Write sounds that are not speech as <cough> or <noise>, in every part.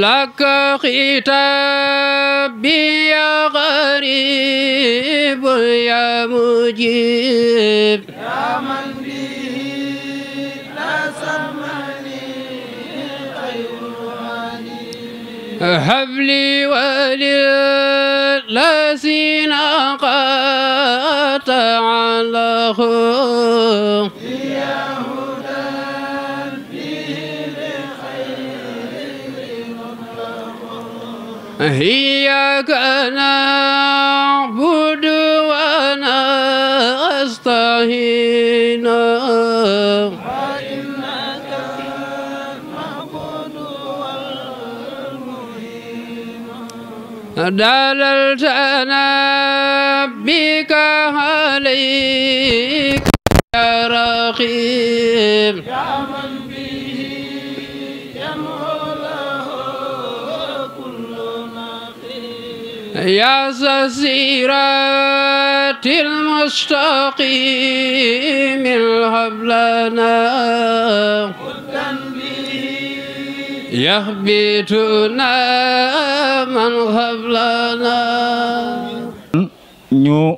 لك خطاب يا غريب يا مجيب يا من به لا سمعني غير هب لي وللذين قطع له إياك نعبد وأنا أستعين دللتنا بك عليك يا رقيب يا يا زيرات المستقيم الهب لنا يهبتنا من قبلنا ñu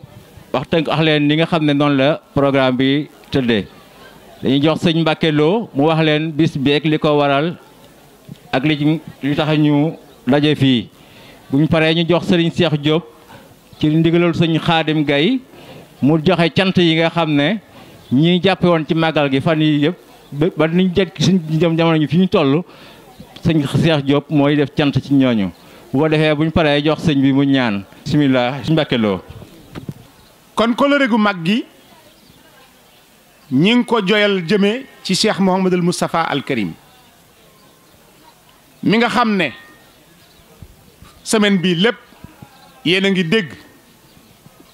wax tënk leen li nga xam ne noonu la programme bi tëddee dañuy jox sëñ Mbàkke Lo mu wax leen bis bi li ko waral ak li tax ñu daje fii buñ paree ñu jox sëriñ Cheikh Diop ci ndigalal sëñ Xaadim gay mu joxe cant yi nga xam ne ñi jàppewoon ci màggal gi fan yi yëpp ba niñ jekk suñ jamono ñu fi ñu toll sëñ seex Diop mooy def cant ci ñooñu bu ko defee buñ paree jox sëñ bi mu ñaan bismillah suñ Mbàkke kon kolore gu mag gi ñi ngi ko joyal jëme ci Cheikh Mouhamadul Moustapha al Karim mi nga xam ne semaine bii lépp yéen a ngi dégg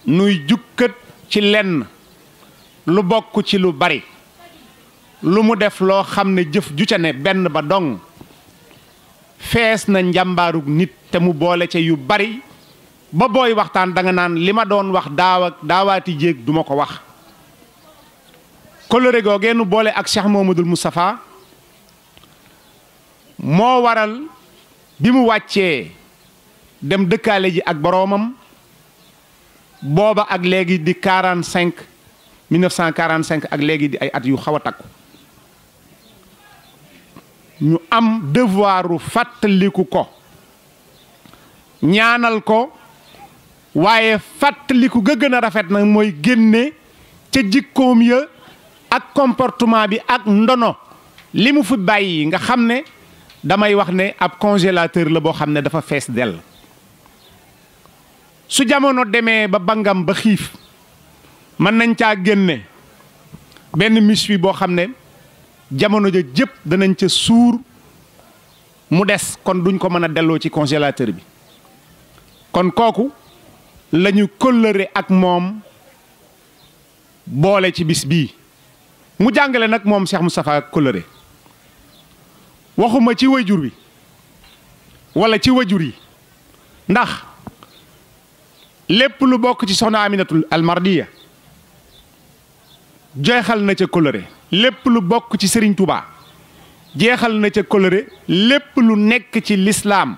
nuy jukkat ci lenn lu bokk ci lu bari lu mu def loo xam ne jëf ju ca ne benn ba dong fees na njàmbaarug nit te mu boole ca yu bari ba booy waxtaan danga naan li ma doon wax daaw ak daawaati jéeg duma ko wax kolore googee nu boole ak Cheikh mu Moustapha moo waral bi mu wàccee dem dëkkaale ji ak boroomam booba ak léegi di quarante cinq mille neuf cent quarante ak léegi di ay at yu xaw a takku ñu am devoiru fàttaliku ko ñaanal ko waaye fàttaliku ga gën a rafet nag mooy génne ca jikkoom ya ak comportement bi ak ndono li mu fi bàyyi nga xam ne damay wax ne ab congélateur la boo xam ne dafa fees dell su jamono demee ba bangam ba xiif mën nañ caa génne benn mis wi boo xam ne jamono ja jëpp danañ ca suur mu des kon duñ ko mën a delloo ci congélateur bi kon kooku lañu ñu ak moom boole ci bis bii mu jàngale nag moom mu Moustapha kóllëre waxuma ci wayjur bi wala ci wayjur yi ndax lépp lu bokk ci soxna Aminatul almardiya jeexal na ca coloré lépp lu bokk ci sëriñ Touba jeexal na ca coloré lépp lu nekk ci lislaam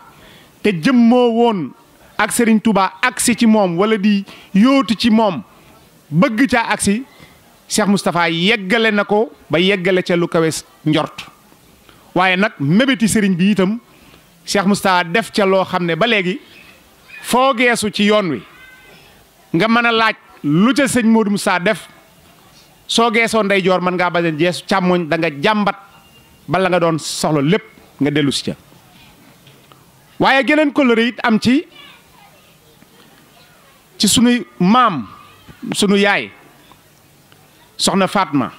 te jëmmoo woon ak sëriñ tubaa agsi ci moom wala di yóotu ci moom bëgg ca agsi Cheikh Moustapha yeggale na ko ba yeggale ca lu kawes njort waaye nag mébéti sëriñ bi itam Cheikh Moustapha def ca loo xam ne ba léegi foo geesu ci yoon wi nga mën a laaj lu ca sëñ Modou Moussa def soo geesoo ndeyjoor mën ngaa bañ a jeesu càmmoñ da nga jàmbat bala nga doon soxla lépp nga dellu si ca waaye geneen kóllëre it am ci ci sunuy maam sunu yaay soxna Fatma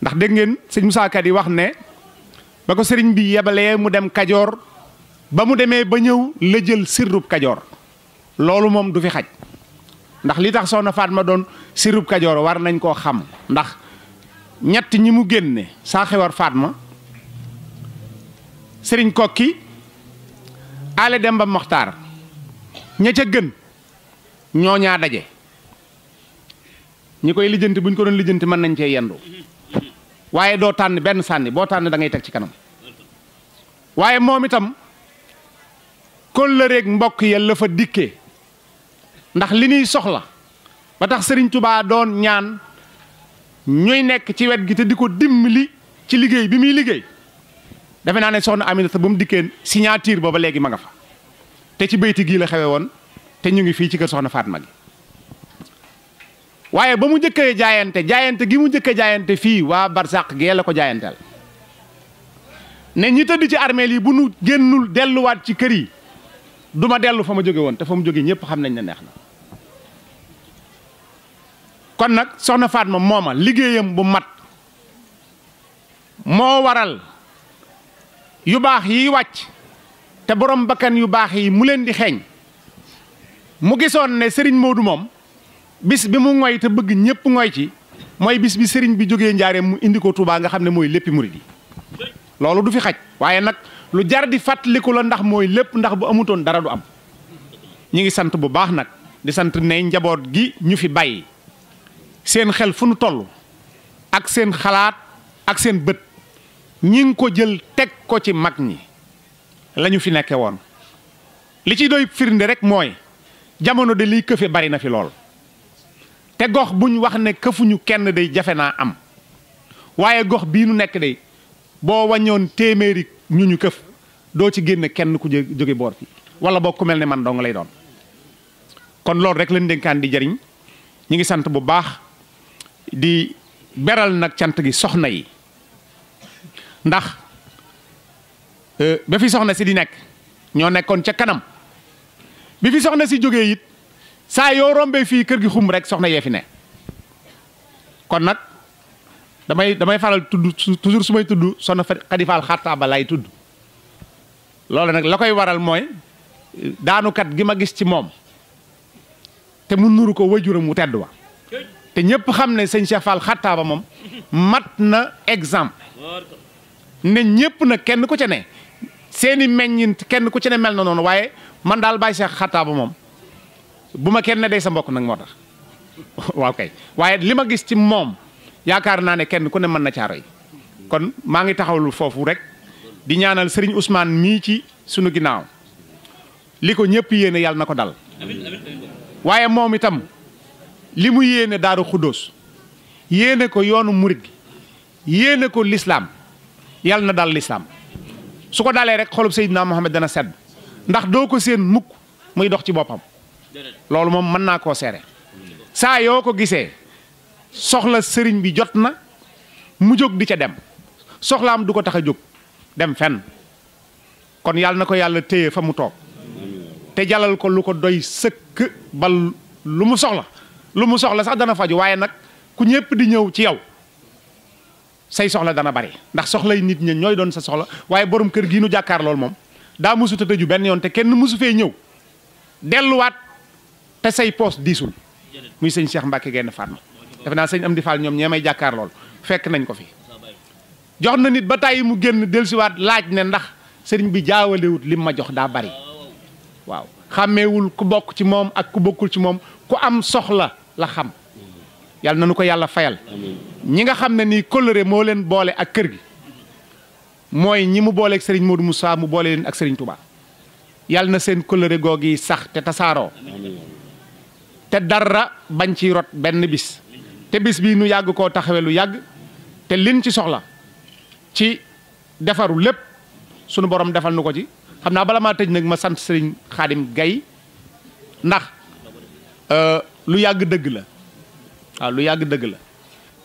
ndax dégg ngeen sëñ Moussa yi wax ne ba ko sëriñ bi yebalee mu dem Kajoor ba mu demee ba ñëw la jël sirrub Kajoor loolu moom du fi xaj ndax li tax soxna ma doon sirub kajoor war nañ koo xam ndax ñett ñi mu génne saa xewar ma sëriñ kokki ale Demba Moxtaar ña ca gën ñoo ñaa daje ñi koy lijjanti bu ñu ko doon lijjanti mën nañ cee yendu waaye doo tànn benn sànni boo tànn dangay teg ci kanam waaye moom itam kóllëreeg mbokk ya la fa dikkee ndax li soh soxla ba tax serigne touba doon ñaan ñuy nekk ci wet gi te diko dimli ci liggey bi mi liggey dafa naa ne soxna Aminata bu mu dikkee signature booba legi ma nga fa te ci beyti gi la xewé won te ñu ngi fi ci ke soxna Fatma gi waye ba mu jëkke jaayante jaayante gi mu jëkke jaayante fi wa barzak ge la ko jaayantal ne ñi teddi ci armée li bu nu delu wat ci kër yi fa te fa mu jóge xam nañ na neex na kon nak soxna Fatma moma liggéeyam bu mat mo waral yu bax yi wacc te borom bakan yu bax yi mu len di xegn mu ne Serigne Modou mom bis bi mu ngoy te bëgg ñepp ngoy ci moy bis bi Serigne bi jógee ndiaré mu indi ko Touba nga xam moy mooy mouride lolu du fi xaj waye nak lu jar di fàttaliku la ndax moy lepp ndax bu amutoon dara du am ñi ngi sante bu baax nak di sante ne njabot gi ñu fi seen xel fu nu toll ak seen xalaat ak seen bët ñi ko jël teg ko ci mag ñi lañu fi nekke woon li ci doy firinde rek mooy jamono de liy këfe bari na fi lool te gox buñ wax ne këfuñu kenn day jafe naa am waaye gox bii nu nekk day boo wàññoon téeméeri ñu ñu këf doo ci génn kenn ku jóge boor fi wala boo ku mel ne man dong lay doon kon loolu rek lañ dénkaan di jariñ ñi ngi sant bu baax di beral nag cant gi soxna yi ndax euh, ba fi soxna si di nekk ñoo nekkoon ca kanam bi fi soxna si jógee it saa yoo rombee fii kër gi xum rek soxna yee fi ne kon nag damay damay faral tudd toujours su may tudd soxna Xadi Faal Xartaaba lay tudd loolu nag la koy waral mooy daanukat gi ma gis ci moom te mu nuru ko wajuram mu tedd wa te ñëpp xam ne sëñ Cheikh Fall xattaaba moom mat na exemple ne ñëpp nag kenn ku ci ne seeni meññint kenn ku ci ne mel na noonu waaye man daal bàyyi Cheikh xattaaba moom bu ma kenn dey sa mbokk nag moo tax <laughs> waaw kay waaye li ma gis ci moom yaakaar naa ne kenn ku ne mën na caa roy kon maa ngi taxawlu foofu rek di ñaanal sëriñ Ousmane mii ci sunu ginnaaw li ko ñëpp yéene yàlla na ko dal waaye moom itam li mu yéene daaru xuddoos yéene ko yoonu murit gi yéene ko lislaam yàlla na dal lislaam su ko dalee rek xolub Seydina Muhammad dana sedd ndax doo ko seen mukk muy dox ci boppam loolu moom mën naa koo seere saa yoo ko gisee soxla sëriñ bi jot na mu jóg di ca dem soxlaam du ko tax a jóg dem fenn kon yàlla na ko yàlla téye fa mu toog te jalal ko lu ko doy sëkk bal lu mu soxla lu mu soxla sax dana faju waye nak ku ñepp di ñew ci yow say soxla dana bari ndax soxlay nit ñi ñoy doon sa soxla waye borom kër gi nu jakar lool mom da musu te teju ben yon te kenn musu ñew delu wat te say poste disul muy seigne Cheikh Mbacke genn Fatma def na seigne Amdi Fall ñom ñemay jakar lool fekk nañ ko fi jox na nit ba tàyyi mu génn wat laaj ne ndax sëriñ bi jaawalewut lim ma jox da bari waaw xamewul ku bok ci mom ak ku bokul ci mom ku am soxla la xam yalla na ko yalla fayal ñi nga xam ne ni coloré mo leen bolé ak kër gi moy ñi mu ak serigne Modou Moussa mu bolé leen ak serigne Touba yalla na seen coloré googi sax té tasaaroo té dara bañ ci rot ben bis té bis bi nu yag ko taxawé lu yag té liñ ci soxla ci defaru lepp sunu borom defal nuko ci xamna bala ma tejj nak ma sante serigne khadim Gay ndax euh, lu yàgg dëgg la waaw lu yàgg dëgg la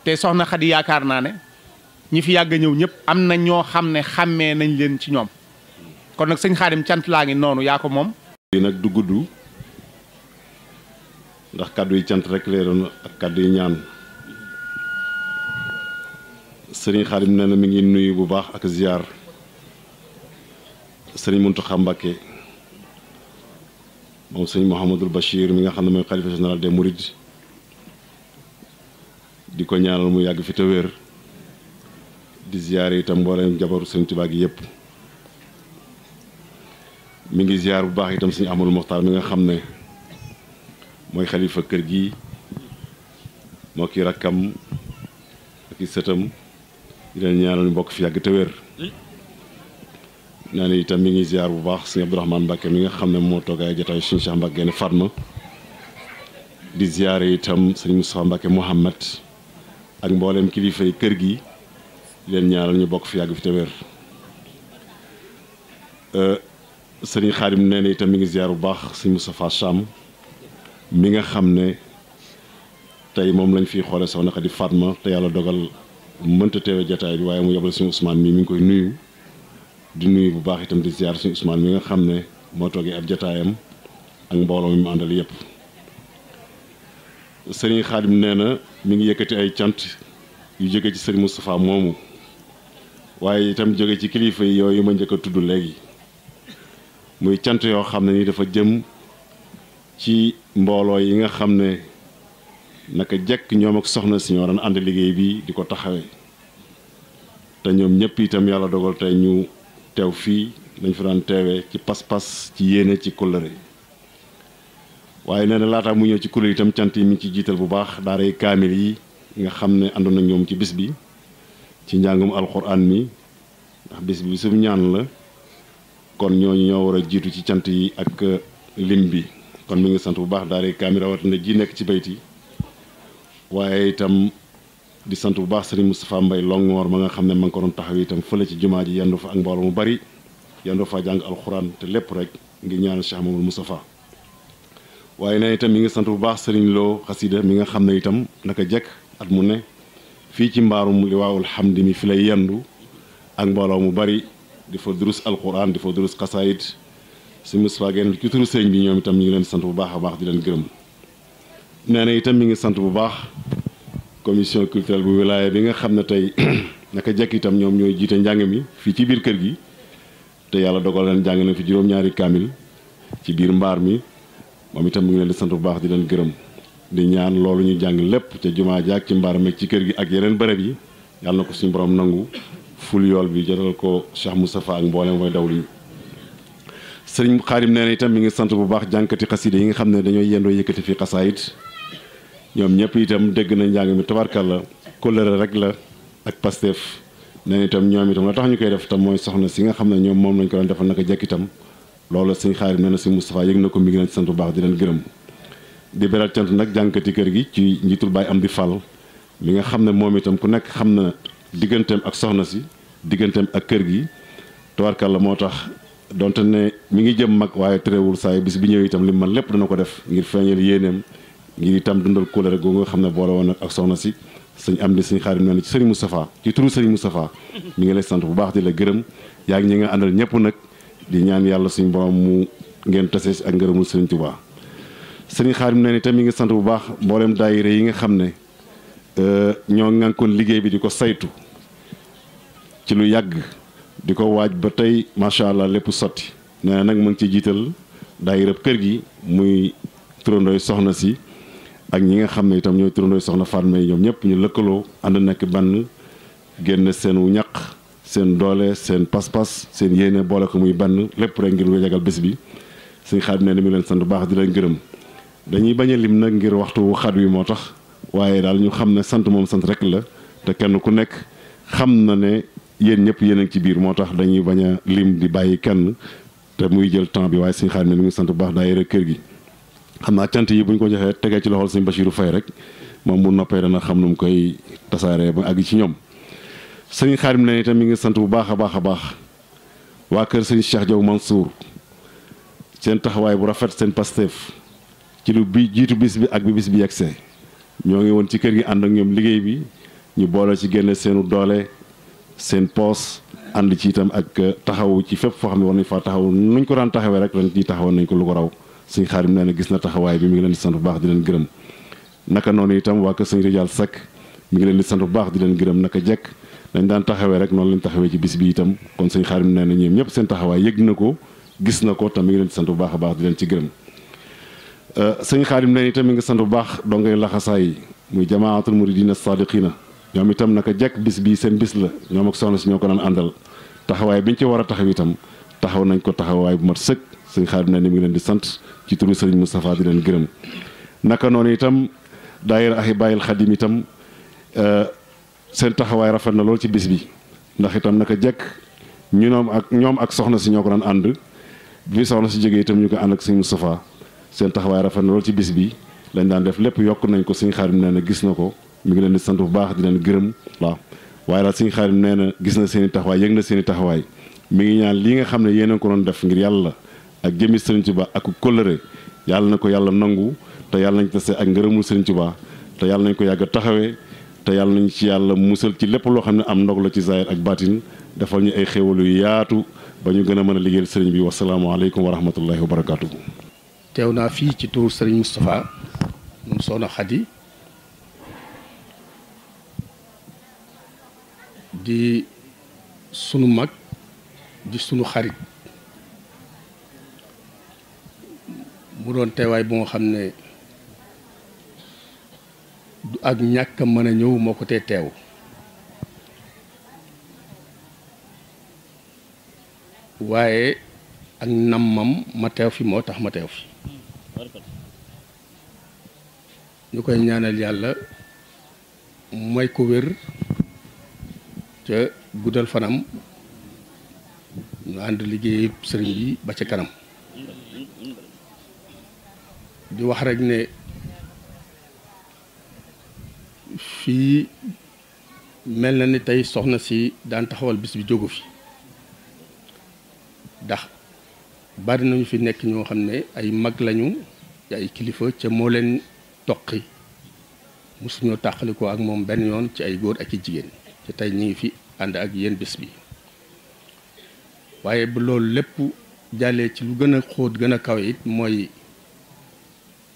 te soxna Xadi yaakaar naa ne ñi fi yàgg ñëw ñëpp am na ñoo xam ne xàmmee nañ leen ci ñoom kon nag sëñ Xaadim cant laa ngi noonu yaa ko moom. lii du gudd ndax kàddu yi cant rek lay doon ak kàddu ñaan sëriñ Xaadim nee mi ngi nuyu bu baax ak ziar sëriñ Muntaxa Mbàkke moom sëñ Mouhamadul Bachir mi nga xam ne mooy xalifa général des Mourides di ko ñaanal mu yàgg fi te wér di ziyaar itam mboolem jabaru sëñ Tuubaa gi yépp mu ngi ziyaar bu baax itam sëñ amul Moxtaar mi nga xam ne mooy xalifa kër gi moo ki rakkam ak i sëtam di leen ñaanal ñu bokk fi yàgg te nee itam mi ngi ziar bu baax sëñ Abdourahmane Mbacke mi nga xam ne moo toogaay jotaay sëñ Cheikh Mbacke ne Fatma di ziare itam sëñ Moustapha Mbacke Mouhamad ak mboolem kilifa yi kër gi leen ñaaral ñu bokk fi yàgg fi te wér euh, sëriñ Xaadim itam mi ngi ziar bu baax sëñ Moustapha Cham mi nga xam ne tey moom lañ fiy xoole soxna Xadi Fatma te yàlla dogal mënta teewe jataay bi waaye mu yebal sëñ Ousmane mi mi ngi koy nuyu di nuyu bu baax itam di ziar suñu Ousmane mi nga xam ne moo toogee ab jataayam ak mbooloo mi mu àndal yëpp sëriñ Xaadim nee na mi ngi yëkkati ay cant yu jóge ci sëriñ mustafaa moomu waaye itam jóge ci kilifa yi yooyu ma njëkk a tudd léegi muy cant yoo xam ne ni dafa jëm ci mbooloo yi nga xam ne naka jekk ñoom ak soxna si ñoo daan ànd liggéey bi di ko taxawee te ñoom ñëpp itam yàlla dogal tey ñu. teew fii dañ fa daan teewee ci pas-pas ci yéene ci kóllëre waaye nee na mu ñëw ci kuréel itam cant yi mi ngi ci jiital bu baax daaray kaamil yi nga xam ne àndoon na ñoom ci bis bi ci njàngum alxuraan mi ndax bis bi sumu ñaan la kon ñooñu ñoo war a jiitu ci cant yi ak uh, lim bi kon mu ngi sant bu baax daaray kaamil rawatina ji nekk ci bayti waaye itam di sant bu baax sëriñ Moustapha Mbaye Longoor ma nga xam ne ma nga ko doon taxaw itam fële ci jumaa ji yendu fa ak mbooloo mu bari yendu fa jàng alxuraan te lépp rek ngir ñaanal Cheikh Mamadou Moustapha waaye ne itam mi ngi sant bu baax sëriñ Lo xasida mi nga xam ne itam naka jekk at mu ne fii ci mbaarum li waawul xamdi mi fi lay yendu ak mbooloo mu bari di fa durus alxuraan di fa durus xasaayit si Moustapha genn ci turu bi ñoom itam ñu ngi leen sant bu baax a baax di leen gërëm nee itam mi ngi sant bu baax commission culturelle bu wilaya bi nga xam ne tey <clears throat> naka jekk itam ñoom ñooy jiite njàng mi fii ci biir kër gi te yàlla dogal leen jàng nañ fi juróom-ñaari kaamil ci biir mbaar mi moom itam mu ngi leen di sant bu baax di leen gërëm di ñaan loolu ñu jàng lépp ca jumaa jaak ci mbaar meeg ci kër gi ak yeneen bërëb yi yàlla na ko suñu borom nangu ful yool bi jotal ko Cheikh Moustapha ak mboolem way daw liñ sëriñ Xaadim nee na itam mi ngi sant bu baax jànkati xasida yi nga xam ne dañoo yendoo yëkkati fi xasaayit ñoom ñëpp itam dégg nañ njàng mi la kóllëre rek la ak Pastef nee itam ñoom itam la tax ñu koy def tam mooy soxna si nga xam ne ñoom moom lañ ko doon defal naka jekk itam loolu sëñ xaarim nee na si Moustapha yëg na ko mi ngi leen sant bu baax di leen di beral cant nag jànkati kër gi ci njiitul am Amdi Fall mi nga xam ne moom itam ku nekk xam na digganteem ak soxna si digganteem ak kër gi la moo tax donte ne mi ngi jëm mag waaye terewul saa bis bi ñëw itam li man lépp dana ko def ngir feeñal yéeneem ngir itam dundal kóolare googu nga xam ne boole woon ak soxna si sëñ am di sëñ xaadim nee na ci sëriñ Moustapha ci turu sëriñ Moustapha mi ngi lay sant bu baax di la gërëm yaa ngi nga àndal ñëpp nag di ñaan yàlla suñ borom mu ngeen tase ak ngërëmul sëriñ Tuubaa sëriñ xaadim nee na itam mi ngi sant bu baax mboolem daayira yi nga xam ne euh, ñoo ngànkoon liggéey bi di ko saytu ci lu yàgg di ko waaj ba tey macha allah lépp sotti nee nag mu ngi ci jiital daayirab kër gi muy turandooy soxna si ak ñi nga xamne ne itam ñooy turandooy soxna fatme ñom ñep ñu lëkkaloo and sen dole, sen sen wu ñak sen doole sen pas-pas sen yene boole ko muy ban lepp rek ngir wëjagal bës bi suñ xaat ne ni mu leen sant baax di leen gërëm dañuy bañ lim nak ngir waxtu xat wi motax waye dal ñu xamne ne sant mom sant rek la te kenn ku nekk xam na ne yeen ñep yeen ci biir motax dañuy baña lim di bayyi kenn te muy jël temps bi waye suñ xaat ne mi sant baax daayira kër gi xamna naa yi buñ ko joxe tege ci loxol seigne Bachirou fay rek mom mu noppé dana xam num koy tasaaree ba ag ci ñom seigne kharim ne tam mi ngi sant bu baaxa baaxa baax wa keur seigne Cheikh Diaw Mansour seen taxaway bu rafet seen pastef ci lu bi jitu bis bi ak bi bis bi yegsee ñoo ngi ci keur gi and ak ñom liggéey bi ñu boole ci génne seenu doole seen pos and ci itam ak taxawu ci fépp fo xamni ne fa taxaw nuñ ko daan taxawé rek lañ ci taxawoon nañ ko lu ko raw sëñ xaari nee na gis na taxawaay bi mi ngi leen di sant bu baax di leen gërëm naka noonu itam waa kër sëñ Rijaal Seck mi ngi leen di sant bu baax di leen gërëm naka jekk dañ daan taxawee rek noonu lañ taxawee ci bis bi itam kon sëñ xaadim nee na ñoom ñëpp seen taxawaay na ko gis na ko tam mi ngi leen di baax a baax di leen ci euh, sëñ xaadim nee na itam mi ngi sant bu baax dongay laxasaay yi muy jamaatul muridina sadiqina ñoom itam naka jekk bis bi seen bis la ñoom ak soxna si ñoo ko daan àndal taxawaay biñ ci war a taxaw itam taxaw nañ ko taxawaay bu mat sëkk sëñ Xaadim ne mi ngi leen di sant ci turu sëriñ Moustapha di leen gërëm naka noonu itam daayira Ahibaahil Xaadim itam euh, seen taxawaay rafet na lool ci bis bi ndax itam naka jekk ñu ñoom ak ñoom ak soxna si ñoo ko daan ànd bi soxna si jógee itam ñu ko ànd ak sëñ seen taxawaay rafet na lool ci bis bi lañ daan def lépp yokk nañ ko sëñ Xaadim nee na gis na ko mu ngi leen di sant bu baax di leen gërëm waaw waaye daal sëñ Xaadim nee na gis na seen i taxawaay yëg na seen i taxawaay mi ngi ñaan lii nga xam ne yéen a ko doon def ngir yàlla ak jëmi Serigne Touba ak kóllëre yàlla na ko yàlla nangu te yàlla nañ tase ak ngërëmul Serigne Touba te yàlla nañ ko yàgg taxawe te yàlla nañ ci yàlla musal ci lépp loo xam ne am ndog la ci zaahir ak baatin defal ñu ay xéwal yu yaatu ba ñu gën a mën a liggéeyal sëriñ bi wasalaamaaleykum wa rahmatullahi wa barakaatu. teew naa fii ci turu Serigne Moustapha moom Soxna Khady di sunu mag di sunu xarit. mu doon teewaay bu nga xam ne du ak ñàkk a mën a ñëw moo ko tee teew waaye ak nammam ma teew fi moo tax ma teew fi ñu koy ñaanal yàlla may ko wér te guddal fanam ñu ànd liggéey sëriñ bi ba ca kanam di wax rek ne fii mel na ni tey soxna si daan taxawal bis bi jógu fi ndax bari nañu fi nekk ñoo xam ne ay mag lañu ay kilifa ca moo leen toqi mosuñoo tàqalikoo ak moom benn yoon ci ay góor ak i jigéen ci tey ñu ngi fi ànd ak yéen bés bi waaye bu loolu lépp jàllee ci lu gën a xóot gën a kawe it mooy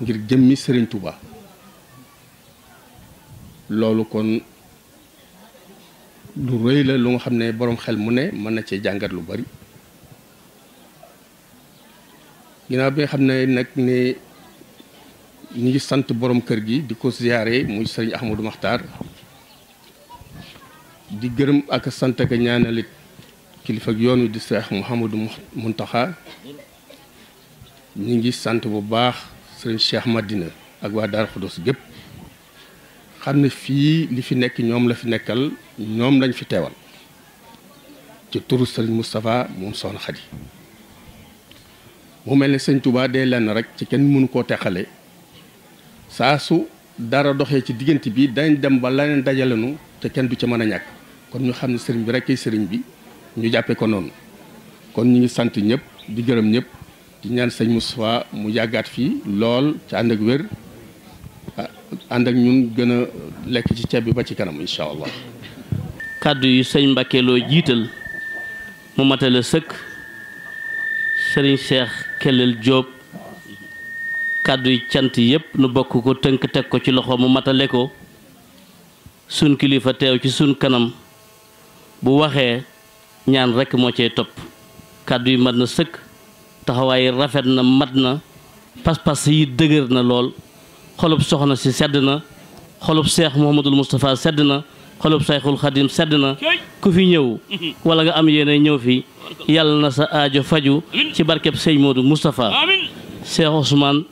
ngir jëmmi Serigne Touba loolu kon lu rëy la lu nga xam ne boroom xel mu ne mën na cee jàngat lu bari ginnaaw bi nga xam ne nag ne ñu ngi sant boroom kër gi di ko ziyaare muy sëriñ Ahmadou Maxtaar di gërëm ak sant ak ñaanalit kilifa ak di seex Mouhamadou Mountakha ñu ngi sant bu baax. sëriñ Cheikh Madina ak waa Darou Khoudoss gépp xam ne fii li fi nekk ñoom la fi nekkal ñoom lañ fi teewal ci turu sëriñ Moustapha moom soxna Xadi mu mel ne sëñ Touba dee lenn rek ci kenn mënu koo teqale saa su dara doxee ci diggante bi dañ dem ba leneen dajalenu te kenn du ci mën a ñàkk kon ñu xam ne sëriñ bi rek ay sëriñ bi ñu jàppee ko noonu kon ñu ngi sant ñëpp di gërëm ñëpp di ñaan sëñ Moustapha mu yàggaat fii lool ci ànd ak wér ànd ak ñun gën lekk ci ceeb bi ba ci kanam incha kàddu yu sëñ Mbacke jiital mu matale sëkk sëriñ seex Kellel Diop kàddu yu cant yëpp nu bokk ko tënk teg ko ci loxo mu matale ko sun kilifa teew ci sun kanam bu waxee ñaan rekk moo cay topp kàddu yi mat na sëkk. taxawaay rafet na mat na pas-pas yi dëgër na lool xolub soxna si sedd na xolub seex Muhammadul Moustapha sedd na xolub sayxul xadim sedd na ku fi ñëw wala nga am yéene ñëw fi yàlla na sa aajo faju ci barkeb sëñ Modou Moustapha Seex Ousmane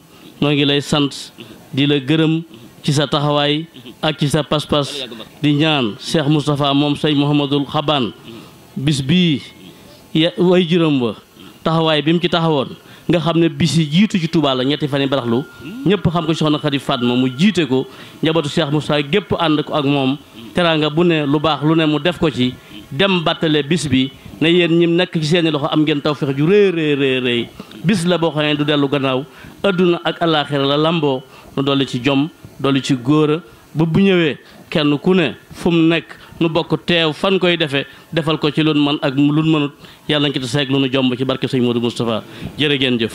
noo ngi lay sant di la gërëm ci sa taxawaay ak ci sa pas-pas di ñaan Seex Moustapha moom sëñ Muhammadul Xabaan bis bii way juróom ba taxawaay bi mu ci taxawoon nga xam ne bis yi jiitu ci Touba la ñetti fan yi baraxlu ñëpp xam ko soxna Khady Fatma mu jiite ko njabootu Cheikh Moussa gépp ànd ko ak moom teraanga bu ne lu baax lu ne mu def ko ci dem bàttale bis bi ne yéen ñim nekk ci seeni loxo am ngeen tawfeex ju réy réy réy bis la boo xam ne du dellu gannaaw adduna ak alaaxira la lamboo nu dolli ci jom dolli ci góora ba bu ñëwee kenn ku ne fu mu nekk nu bokk teew fan koy defee defal ko ci lun man ak lun mënut yàlla ngi ci seeg lu nu jomb ci barke sëñ Modou Moustapha jërë ngeen jëf